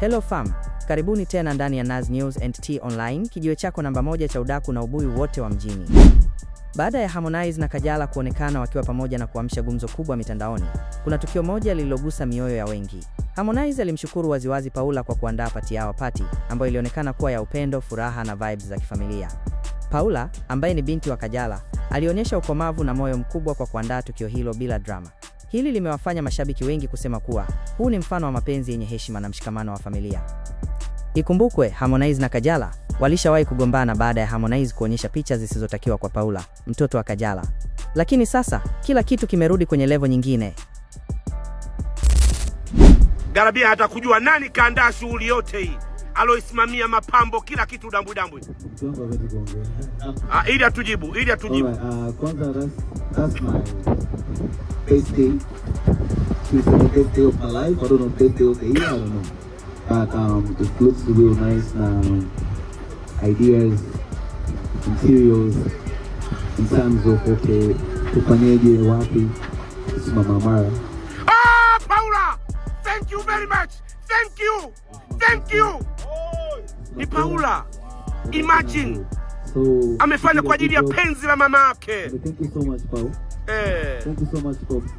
Hello fam, karibuni tena ndani ya Naz News and Tea Online, kijiwe chako namba moja cha udaku na ubui wote wa mjini. Baada ya Harmonize na Kajala kuonekana wakiwa pamoja na kuamsha gumzo kubwa mitandaoni, kuna tukio moja lililogusa mioyo ya wengi. Harmonize alimshukuru waziwazi Paula kwa kuandaa pati yao, pati ambayo ilionekana kuwa ya upendo, furaha na vibes za kifamilia. Paula ambaye ni binti wa Kajala alionyesha ukomavu na moyo mkubwa kwa kuandaa tukio hilo bila drama. Hili limewafanya mashabiki wengi kusema kuwa huu ni mfano wa mapenzi yenye heshima na mshikamano wa familia. Ikumbukwe, Harmonize na Kajala walishawahi kugombana baada ya Harmonize kuonyesha picha zisizotakiwa kwa Paula, mtoto wa Kajala. Lakini sasa kila kitu kimerudi kwenye levo nyingine. Garabia atakujua nani kaandaa shughuli yote hii, aloisimamia mapambo, kila kitu dambu dambu. Ah, ili atujibu, ili atujibu. Uh, kwanza rasmi Thursday, Tuesday, or Thursday of my life. I don't know, Thursday of the year, I don't know. But um, the clothes are real nice, um, ideas, materials, in terms of, okay, to tufanyeje wapi, my mama. Ah, Paula! Thank you very much! Thank you! Thank you! Ni Paula! Imagine! So, amefanya kwa ajili ya penzi la mama yake. Thank you so much, Paula. Eh. Thank you so much Pops.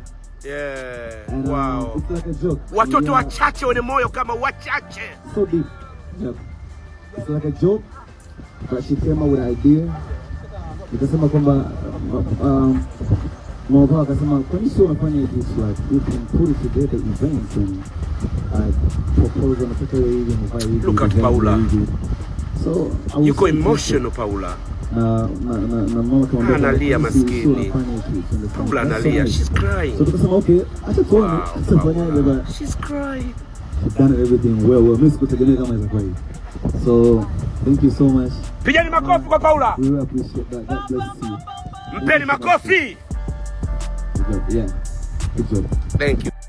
Yeah. And, um, wow. Um, it's like a joke. Watoto yeah, wachache wenye moyo kama wachache. So deep. Yep. It's like a joke. But she came up with an idea. Nikasema kwamba uh, um, Mwapa akasema kwani sio unafanya hivi swag. You can put it together events and uh, propose on a particular Look at Paula. So, I was Yuko emotional Paula na na mama analia maskini, Paula analia, she's crying. So tukasema okay, acha tuone sasa fanyaje bana, she's crying done everything well well. Mimi sikutegemea kama itakuwa hivi, so thank you so much. Pigeni makofi kwa Paula, we really appreciate that. God bless you. Mpeni makofi. Yeah, good job. Thank you.